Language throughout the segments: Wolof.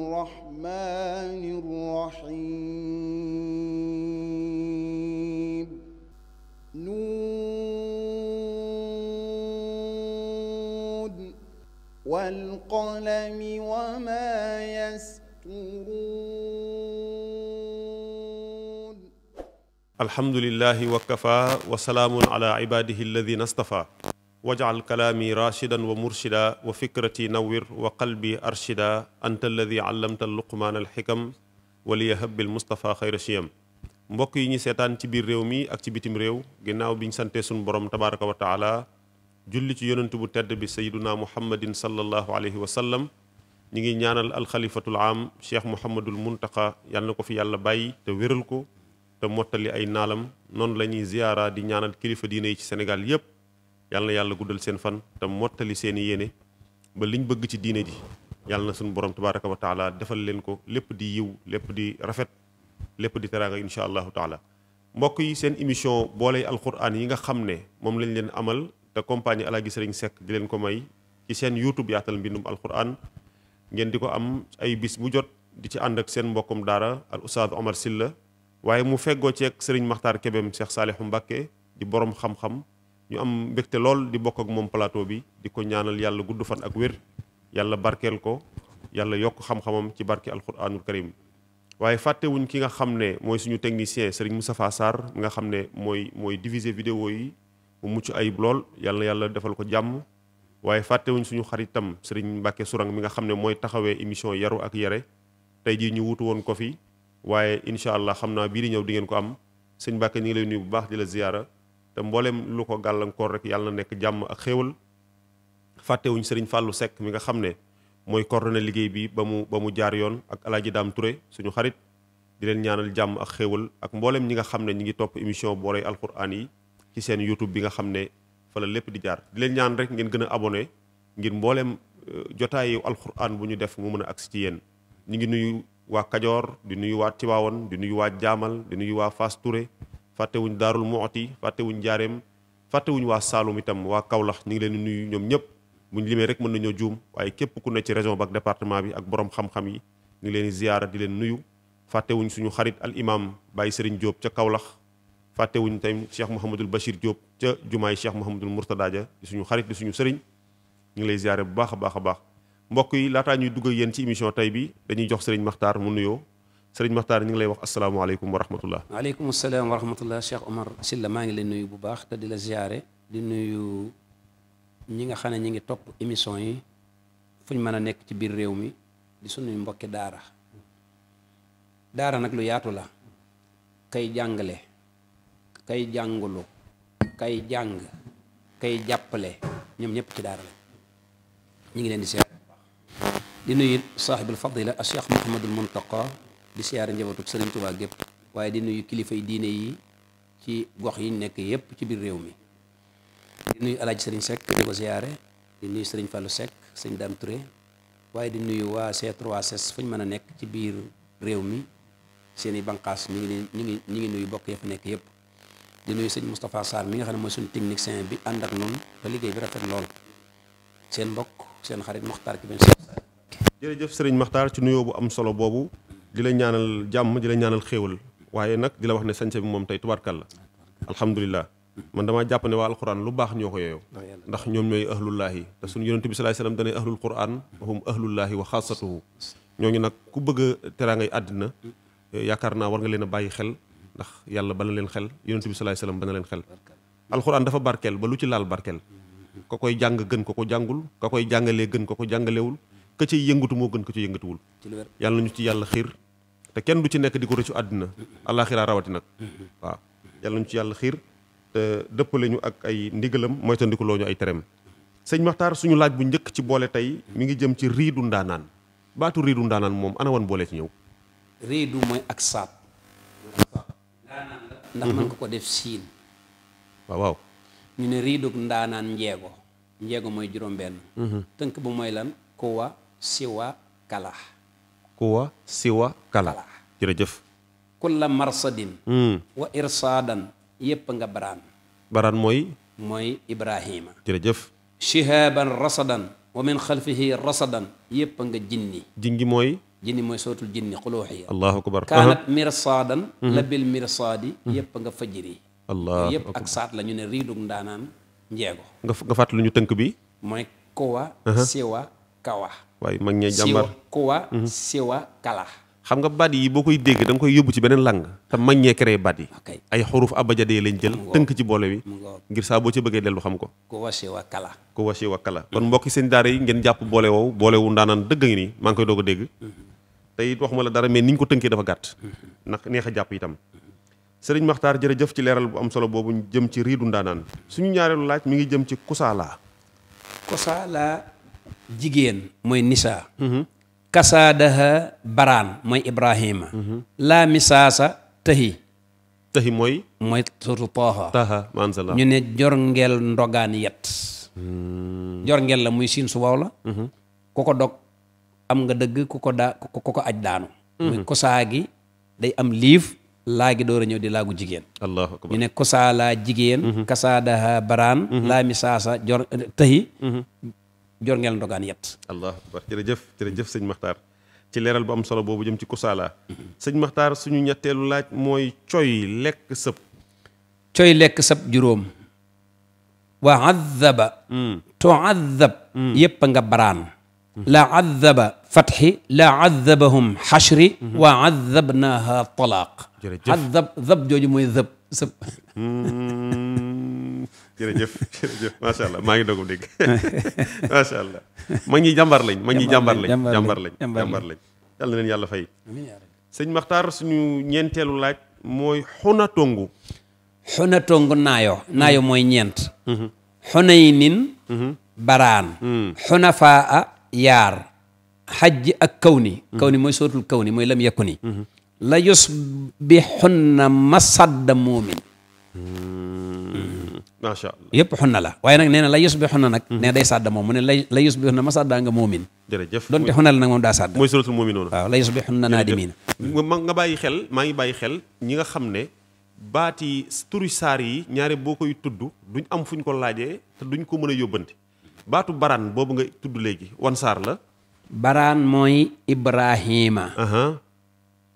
الرحمن الرحيم نون والقلم وما يسطرون الحمد لله وكفى وسلام على عباده الذين اصطفى wajcal kalaami rachidan wa murshida wa fikrati nawir wa qalbi arshida anta alladi allamta luqmaan alxikam waliya habbil mustafa xayra chiyam mbokk yi ñu seetaan ci biir réew mi ak ci bitim réew ginnaaw bi ñu santee suñu borom tabaraka wa taala julli ci yonent bu tedd bi sayiduna muhammadin sallallahu alayhi wa sallam ñi ngi ñaanal alxalifatul am cheikh muhammadul muntaqa yal na ko fi yàlla bàyyi te wéral ko te mottali ay naalam noonu la ñuy ziyaara di ñaanal kilifa diine yi ci sénégal yépp yàlla na yàlla guddal seen fan te mottali seen i yéene ba liñ bëgg ci diine ji yàlla na suñu borom tabaraka wa taala defal leen ko lépp di yiw lépp di rafet lépp di teraanga incha allahu taala mbokk yi seen émission booley alquran yi nga xam ne moom lañ leen amal te compagnie Alaaji Sëriñ sekk di leen ko may ci seen youtube yaatal mbindum alquran ngeen di ko am ay bis bu jot di ci ànd ak seen mbokkum daara al oustaz Omar Silla waaye mu feggoo ceeg sëriñ Maxtaar Kebem Cheikh Saalihu Mbàkke di borom xam ñu am mbégte lool di bokk ak moom plateau bi di ko ñaanal yàlla gudd fan ak wér yàlla barkeel ko yàlla yokk xam-xamam ci barke alquranul karim waaye fàttewuñ ki nga xam ne mooy suñu technicien Serigne Moustapha Sarr mi nga xam ne mooy mooy diviser vidéo yi mu mucc ayib lool yàlla yàlla defal ko jàmm waaye fàttewuñ suñu xaritam Serigne Mbacke Sourang mi nga xam ne mooy taxawee émission yaru ak yare tey jii ñu wutu woon ko fi waaye incha allah xam naa bii di ñëw di ngeen ko am sëñ Mbacke ñu ngi lay nuyu bu baax di la ziyaara te mbooleem lu ko gàllankoor rek yàlla nekk jàmm ak xéewal fàttewuñ sëriñ Fallou sekk mi nga xam ne mooy coordonné liggéey bi ba mu ba mu jaar yoon ak alaaji Daam Touré suñu xarit di leen ñaanal jàmm ak xéewal ak mboolem ñi nga xam ne ñi ngi topp émission booley alquran yi ci seen youtube bi nga xam ne fala lépp di jaar di leen ñaan rek ngeen gën a abonné ngir mboolem euh, jotaayu alquran bu ñu def mu mën a agsi ci yéen ñu ngi nuyu waa Kajoor di nuyu waa Tiwaawoon di nuyu Jaamal nuyu waa Fass Touré fàttewuñ daarul mooti fàttewuñ jaareem fàttewuñ waa saalum itam waa kawlax ñu ngi leen di nuyu ñoom ñëpp buñ limee rek mën nañoo juum waaye képp ku ne ci région ba ak département bi ak borom xam-xam yi ñu ngi leen di ziyaara di leen nuyu fàttewuñ suñu xarit al imam Baye Serigne Diop ca kaolax fàttewuñ tam Cheikh Mouhamadul Bachir jóob ca jumaay Cheikh Mouhamadul Mourtada ja di suñu xarit di suñu sëriñ ñu ngi lay ziyaare bu baax a baax a baax mbokk yi laataa ñuy dugg yéen ci émission tey bi dañuy jox sëriñ Maxtaar mu nuyoo sëriñ Maxtaar ñu ngi lay wax asalaamaaleykum wa rahmatullah waaleykum salaam wa rahmatullah Cheikh Omar Sylla maa ngi lay nuyu bu baax te di la ziare di nuyu ñi nga xam ne ñi ngi topp émission yi fu ñu mën a nekk ci biir réew mi di suñuy mbokki daara daara nag lu yaatu la kay jàngale kay jàngulu kay jàng kay jàppale ñoom ñëpp ci daara la ñu ngi leen di seet di nuyu saahibul fadila a Cheikh Mouhamadul Muntaqa di siyaare njabootu Sëriñ Tuubaa gépp waaye di nuyu kilifa yi diine yi ci gox yi nekk yépp ci biir réew mi di nuyu Alaaji Sëriñ Seck di ko siyaare di nuyu Sëriñ Fallou Seck Sëriñ Dame Touré waaye di nuyu waa C3S fu ñu mën a nekk ci biir réew mi seen i banqaas ñu ngi ñu ngi ñu ngi nuyu bokk ya fa nekk yépp di nuyu sëñ Moustapha Sarr mi nga xam ne mooy suñu technicien bi ànd ak noonu ba liggéey bi rafet lool seen mbokk seen xarit Maxtaar ki benn jërëjëf Maxtaar ci nuyoo bu am solo boobu di la ñaanal jàmm di la ñaanal xéewal waaye nag di la wax ne sañse bi moom tey tubaarkàlla alhamdulilah man damaa jàpp ne waa alquran lu baax ñoo ko yeyoo ndax ñoom ñooy ahlullaahi te suñu yonente bi sallallahu alayhi wasallam danay ahlul quran wahum ahlullaahi wa xaasatuhu ñooñu nag ku bëgg a teraangay àddina yaakaar naa war nga leen a bàyyi xel ndax yàlla ba na leen xel yonente bi sallallahu alayhi wasallam ba na leen xel alquran dafa barkeel ba lu ci laal barkeel ka koy jàng gën ko ko jàngul ka koy jàngalee gën ko ko jàngalewul ka ci yëngatu moo gën ka ci yëngatuwul yàlla nañu ci yàlla xiir te kenn du ci nekk di ko rëccu àddina àllaaxiraa rawati nag waaw yàlla nañu ci yàlla xiir te dëppale ñu ak ay ndigalam moytandikuloo ñu ay terem sëñ waxtaar suñu laaj bu njëkk ci boole tey mi ngi jëm ci riidu ndaanaan baatu riidu ndaanaan moom ana wan boole ci ñëw riidu mooy ak saab ndax mm-hmm. mën nga ko def siin waaw waaw ñu ne riidug ndaanaan njeego njeego mooy juróom benn mm-hmm. tënk bu mooy lan kuwa siwa kala kuwa siwa kala jërëjëf kulla marsadin hmm. wa irsaadan yépp nga baraan baraan mooy mooy ibrahima jërëjëf shihaban rasadan wa min xalfihi rasadan yépp nga jinni jingi mooy jinni mooy sootul jinni xuluuxiya allahu kaanat mirsaadan mhm. la bil mirsaadi yépp nga fajiri allah yépp ak saat la ne riidug ndaanaan njeego nga nga fàttali tënk bi mooy kuwa siwa kawa waaye mag ñee jàmbar kuwa mhm. siwa kala xam nga baat yi boo koy dégg da nga koy yóbbu ci beneen langue te mag ñee créé baat yi ay xuruf abajadee lañ jël tënk ci boole bi ngir saa boo ci bëggee dellu xam ko kuwa siwa kala kuwa siwa kala kon mbokki seen daara yi ngeen jàpp boole woow boole wu ndaanaan dëgg ngi nii maa ngi koy doog a dégg mhm. te waxuma la dara mais ni ñu ko tënkee dafa gàtt mhm. ndax neex a jàpp tam itam sëriñ Maxtaar jëf ci leeral bu am solo boobu jëm ci riidu ndaanaan suñu ñaareelu laaj mi ngi jëm ci kusaala kusaala jigéen mooy nisaa mm-hmm. kasaadaha baraan mooy ibrahima mm-hmm. laa misaasa tëhi tëhi mooy mooy surtu tooha ñu ne jorngeel ndogaan yet mm. jorngeel la muy siin su waw la mm-hmm. ku ko dog am nga dëgg ku ko aj daanu muy kosaa day am liif laa gi ñëw di laagu jigéen ñu ne kosaa jigéen kasaadaha baraan laa misaasa tëhi jor ngeen ndogaan yett allah akbar jërëjëf jërëjëf ci leeral bu am solo boobu jëm ci kusaala sëñ maxtaar suñu ñetteelu laaj mooy coy lekk sëb coy lekk sëb juróom wa addaba mm. tuaddab mm. yépp nga baraan la addaba fatxi la addabahum xashri wa addabnaha talaaq jërëjëf addab dab jooju mooy dëb jërëjëf jërëjëf macha allah maa ngi doogum dégg macha allah mag ñi jàmbar lañ ma ñi jàmbar lañ jàmbar lañ jàmbar yàlla na leen fay sëñ Maxtaar suñu ñeenteelu laaj mooy xuna tongu xuna tongu naayo hmm. naayo mooy ñeent hmm. xuna yi nin hmm. baraan xuna yaar xajj ak kaw ni kaw ni mooy sootul kaw ni mooy lam yekku ni la yusbixunna masadda muumin macha allah yëpp xunna la waaye nag nee na la yusbihu na nag mhm. ne day sàdd moom mu ne lay la yusbihu ma sàddaa nga moomin jërëjëf donte xunna la nag moom daa sàdd mooy suratul moomin noonu waaw la yusbihu na naadimiina nga bàyyi xel maa ngi bàyyi xel ñi nga xam ne baati turu saar yi ñaare boo koy tudd duñ am fuñ ko laajee te duñ ko mën a yóbbanti baatu baraan boobu nga tudd léegi wan saar la baraan mooy ibrahima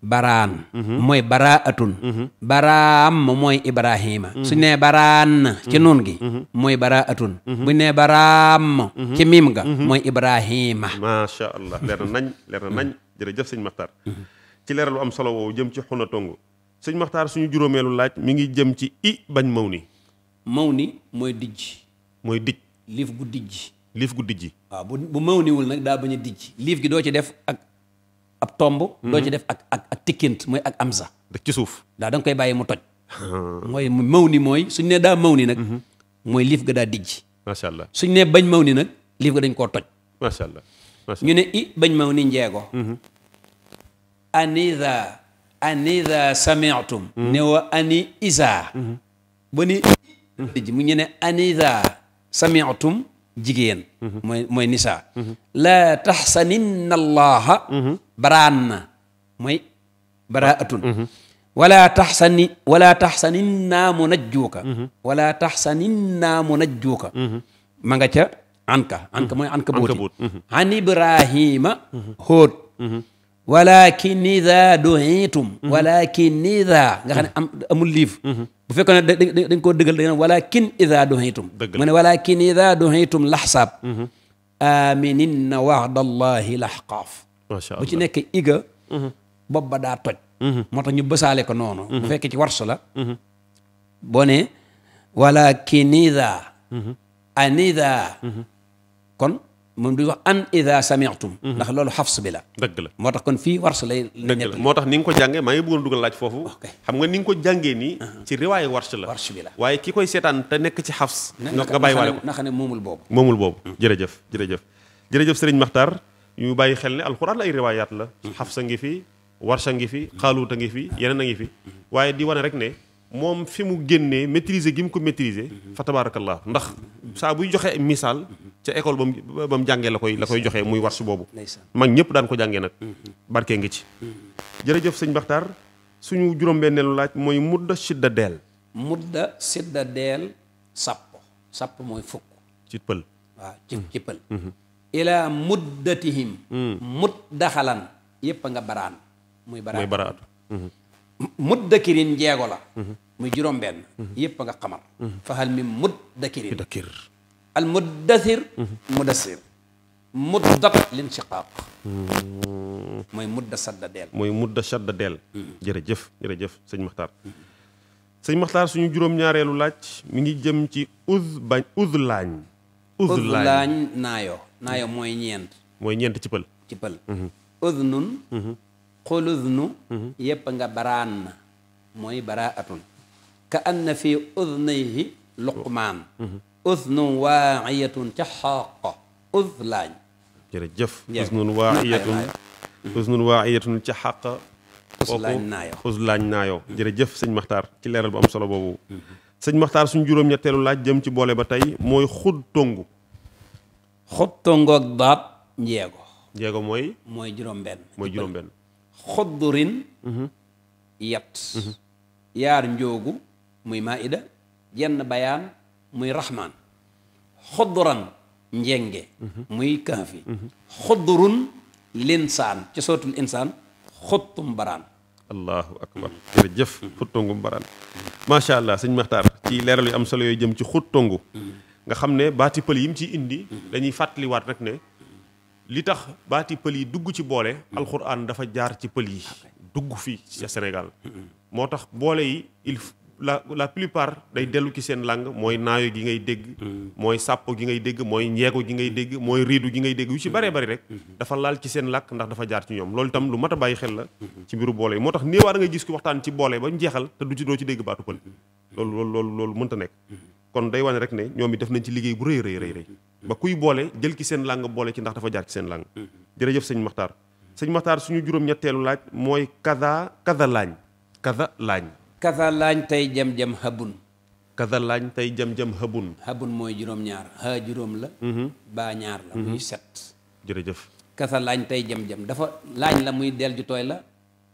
baraan mhm. mooy baraatun mhm. baraam mooy ibrahima mhm. su nee baraan ci nun gi mooy baraatun bu nee baraam ci miim ga mooy ibrahima macha allah leer na nañ leer na nañ jërëjëf sëñ maxtaar ci leer lu am solo jëm ci xuna tongu sëñ maxtaar suñu juróomeelu laaj mi ngi jëm ci i bañ maw ni maw ni mooy dijj mooy dijj liif gu dijj liif gu dijj waaw bu maw niwul nag daa bañ dijj liif gi doo ci def ak ab tomb. doo ci mhm. def ak ak ak tikkint mooy ak amza. dëkk ci suuf. daa da nga koy bàyyi mu toj. mooy maw ni mooy suñ ne daa maw ni nag. Mhm. mooy liif ga daa dijj. macha allah suñ ne bañ maw ni nag liif ga dañ koo toj. macha allah ñu ne i bañ maw ni njeego. Mhm. anida anida sami'tum ne wa ani isa. ba ni dijj mu ñu ne anida sami'tum jigéen. mooy mooy laa taxsaninna allaha baraan na mooy baraatun wala taxsani wala taxsaninnaa munajjuuka mhm. wala taxsaninnaa munajjuuka ma nga ca anka anka mooy anka booti mhm. an ibrahima hóot walakin ida duitum walakin ida nga xam ne am amul liif mhm. bu fekkoon dañ koo dëggal dëgg walakin ida duitum mu ne walakin ida duitum laxsaab aminin na waxdallahi macha allah bu ci nekk iga. Mhm. bopp ba daa toj. Mhm. moo tax ñu bësaale ko noonu. mu mhm. fekkee ci warsu la. boo nee. wala kinida. anida. kon moom du wax an ida sami'tum ndax loolu xafs bi la. dëgg la moo tax kon fii warsu lay. dëgg moo tax ni nga ko jànge maa ngi bëggoon dugal laaj foofu. xam nga ni nga ko jànge nii. Uh-huh. ci riwaayu warsu la. warsu bi la waaye ki koy seetaan te nekk ci xafs. nga nga bàyyiwaale ko na xam ne moomul boobu. moomul boobu jërëjëf jërëjëf jërëjëf Serigne maxtar yu bàyyi xel ne alxuraan la ay riwaayaat la xafsa ngi fi warsa ngi fi xaaluuta ngi fi yeneen a ngi fi waaye di wane rek ne moom fi mu génnee maîtriser gi mu ko maîtriser fa tabaarakallah ndax saa buy joxe misaal ca école ba mu ba mu jàngee la koy joxee koy joxe muy warsu boobu mag ñëpp daan ko jànge nag barkee ngi ci jërëjëf sëñ Baxtaar suñu juróom-benneelu laaj mooy mudda sidda deel mudda sidda deel sàpp sàpp mooy fukk ci pël waaw ci ci pël mhm. ilaa muddatihim hmm. mut daxalan yépp a nga baraan muy baraatu hmm. muddakirin jeego la hmm. muy juróom benn yépp a nga xamar fahal min muddakirin al muddasir mudassir muddat lin shiqaaq mooy mudda sadda deel mooy mudda sadda deel jërëjëf jërëjëf sëñ Maxtaar sëñ Maxtaar suñu juróom-ñaareelu laaj mu ngi jëm ci uz bañ uz laañ uzlaañ naayo naayo mooy ñeent mooy ñeent ci pël ci pël mhm. uznun mhm. xuluznu mhm. nga baraan na ka anna fi uznayhi luqmaan uznun waayatun ca xaaq uzlaañ jërëjëf uznun waayatun uznun waayatun ca xaaq uzlaañ naayo uzlaañ naayo jërëjëf sëñ Maxtaar ci leeral bu am solo boobu sëñ Maxtaar suñ juróom-ñetteelu laaj jëm ci boole ba tey mooy xud tongu xotto ngoog daat njeego njeego mooy mooy juróom-benn mooy juróom-benn xoddurin mhm. yat mhm. yaar njoogu muy maida jenn bayaan muy raxmaan xodduran njenge mhm. muy kahfi xoddurun linsaan ci sootul insaan xottum baraan allahu akbar jërëjëf xuttongu baraan macha allah suñ maxtaar ci leeral yu am solo yooy jëm ci xuttongu nga xam ne baati pël yi mu ci indi dañuy fàttaliwaat rek ne li tax baati pël yi dugg ci boole alxuraan dafa jaar ci pël yi dugg fii ca Sénégal moo tax boole yi il la la plupart day dellu ci seen mooy naayo gi ngay dégg mooy sàppo gi ngay dégg mooy njeego gi ngay dégg mooy riidu gi ngay dégg yu ci bëree rek dafa laal ci seen làkk ndax dafa jaar ci ñoom loolu tam lu mat bàyyi xel la ci mbiru boole yi moo tax a ngay gis ku waxtaan ci boole ba mu jeexal te du ci ci dégg baatu pël loolu loolu loolu loolu mënta nekk kon day wane rek ne ñoom it def nañ ci liggéey bu rëy rëy rëy rëy ba kuy boole jël ci seen làng boole ci ndax dafa jaar ci seen làng mm-hmm. jërëjëf sëñ Maxtaar sëñ Maxtaar suñu juróom-ñetteelu mooy kaza kaza laañ laañ kaza tey jam-jam habun kaza tey jam-jam habun habun mooy juróom-ñaar ha juróom la mm-hmm. baa ñaar la mm-hmm. muy set jërëjëf kaza laañ tey jëm jëm dafa laañ la muy del ju tooy la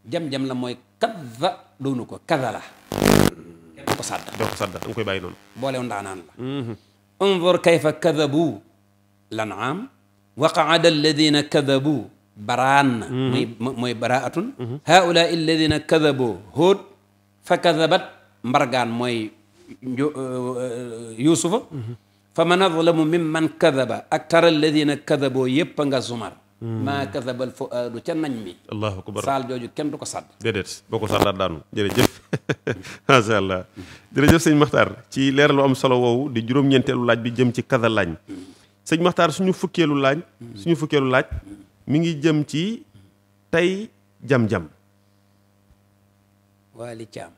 jëm jëm la mooy kaza doonu ko kaza la doo ko sàdda doo ko sàdda da nga koy bàyyi noonu boolew ndaanaan la mm-hmm. unzur kayfa kadabu lanaam wa qaada alladina kadabu baraan mm-hmm. muy mooy baraatun haula mm-hmm. alladina kadabo hóot fa kadabat mbargaan mooy uh, uh, yusufa fa man azlamu mimman kadaba ak tara alladina kadaboo yépp nga zumar maa kasabal fuaadu ca nañ mi saal jooju kenn du ko sàdd déedéet boo ko sàddaat daanu jërëjëf macha allah jërëjëf sëñ maxtaar ci leer am solo woowu di juróom-ñeenteelu laaj bi jëm ci kasa lañ sëñ maxtaar suñu fukkeelu laañ suñu fukkeelu laaj mi ngi jëm ci tey jam-jam waali caam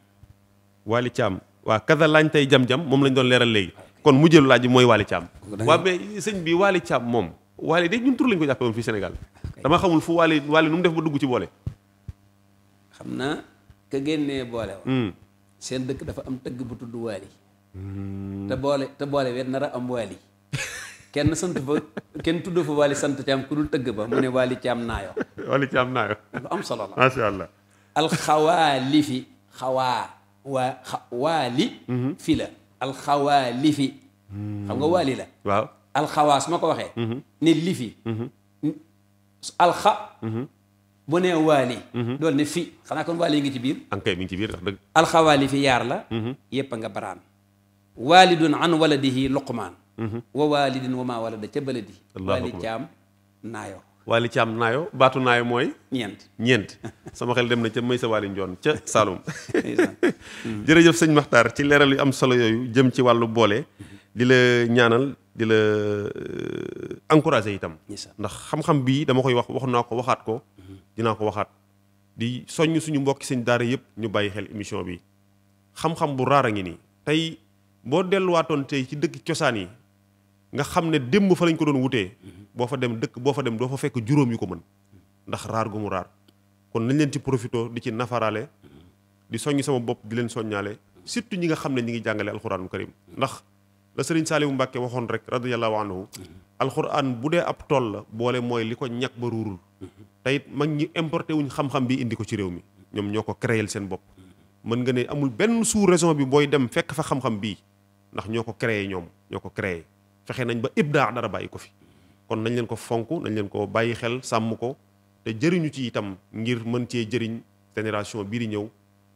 waali caam waa kasa lañ tey jam-jam moom lañ doon leeral léegi kon mujjeelu laaj bi mooy waali caam waa mais sëñ bi waali caam moom waale de ñun tur lañ ko jàppe woon fii Sénégal dama xamul fu waale waale nu mu def ba dugg ci boole xam naa ka génnee boole wa hmm. seen dëkk dafa am tëgg bu tudd waali hmm. te boole wet nar a am waali kenn sant fa kenn tudd fa waali sant caam ku tëgg ba mu ne waali caam naayo waali caam naayo lu am solo la macha allah fi xawaa waa waali hmm. fi la alxawaalifi xam nga waali la waaw alxawaa su ma ko waxee mhm. ne lifi mhm. alxa mhm. bu nee waali dool ne fi xanaa kon waali yi ngi ci biir ankay mi ngi ci biir ndax dëgg alxawaali fi yaar la yépp a nga baraan waalidun an waladihi luqmaan wa waalidin wa maa da ca baladi waali caam naayo waali caam naayo baatu naayo mooy ñeent ñeent sama xel dem na ca may sa waali njoon ca Saloum mm. jërëjëf sëñ Maxtaar ci leeral yu am solo yooyu jëm ci wàllu boole mm-hmm. di la ñaanal di la euh, encourager itam. ndax xam-xam bii dama koy wax wax naa ko waxaat ko. Mm-hmm. dinaa ko waxaat di soññ suñu mbokk seen daara yëpp ñu bàyyi xel émission bi xam-xam bu raar a ngi nii. tey boo delluwaatoon tey ci dëkk cosaan yi nga xam ne démb fa lañ ko doon wutee mm-hmm. boo fa dem dëkk boo fa dem doo fa fekk juróom yu ko mën mm-hmm. ndax raar gu mu raar kon nañu leen ci profito di ci nafaraale di soññ sama bopp di leen soññaale surtout ñi nga xam ne ñi ngi jàngale alxuraanul karim ndax. la sëriñ Saaliwu Mbàkke waxoon rek radiyallahu anhu alxuraan bu dee ab tool la boole mooy li ko ñàkk ba ruurul te it mag ñi importé wuñ xam-xam bi indi ko ci réew mi ñoom ñoo ko créel seen bopp mën nga ne amul benn sous raison bi booy dem fekk fa xam-xam bii ndax ñoo ko créé ñoom ñoo ko créé fexe nañ ba ibdaa dara bàyyi ko fi kon nañ leen ko fonk nañ leen ko bàyyi xel sàmm ko te jëriñu ci itam ngir mën cee jëriñ génération bii di ñëw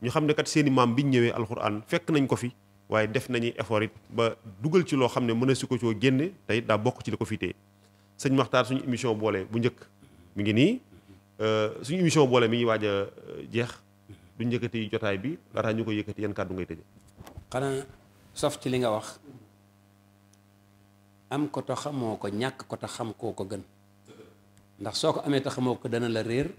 ñu xam ne kat seeni maam biñ ñëwee alxuraan fekk nañ ko fi waaye def nañuy effort it ba dugal ci loo xam ne mën a si ko coo génne te it daa bokk ci li ko fitee sëñ Maxtaar suñu émission boolee bu njëkk mi ngi nii euh, suñu émission boole mi ngi waaj a euh, jeex duñ yëkkati jotaay bi laataa ñu ko yëkkati yan kàddu ngay tëje xanaa sof ci li nga wax am ko te xamoo ko ñàkk ko te xam koo ko gën ndax soo ko amee te xamoo ko dana la réer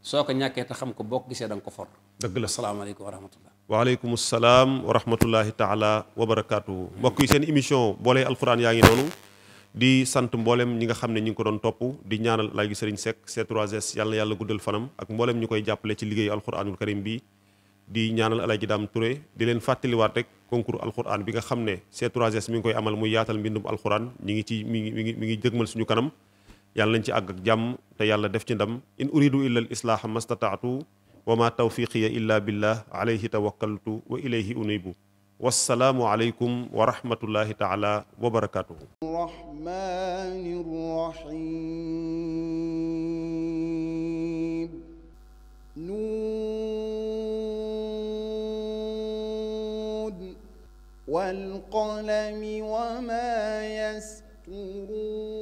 soo ko ñàkkee te xam ko boo ko gisee da nga ko for dëgg la salaamaaleykum wa rahmatullah waaleykum salaam wa rahmatullahi taala wa barakaatuhu mbokk yi seen émission boole alquran yaa ngi noonu di sant mbooleem ñi nga xam ne ñu ngi ko doon topp di ñaanal laaj gi sëriñ Seck C3S yàlla yàlla guddal fanam ak mboolem ñu koy jàppale ci liggéeyu alquranul karim bi di ñaanal alaaji daam Touré di leen fàttaliwaat rek concours alquran bi nga xam ne C3S mi ngi koy amal muy yaatal mbindum alquran ñi ngi ci mi ngi mi ngi mi ngi jëgmal suñu kanam yàlla nañ ci àgg ak jàmm te yàlla def ci ndam in uridu illa al islaaha mastataatu wa ma tawfiqiya illa billah alayhi tawakkaltu wa ilayhi unibu wassalaamu aleykum wa rahmatullahi taala wa barakatuhu rahmani rahim nuun wal qalami wa ma yasturuun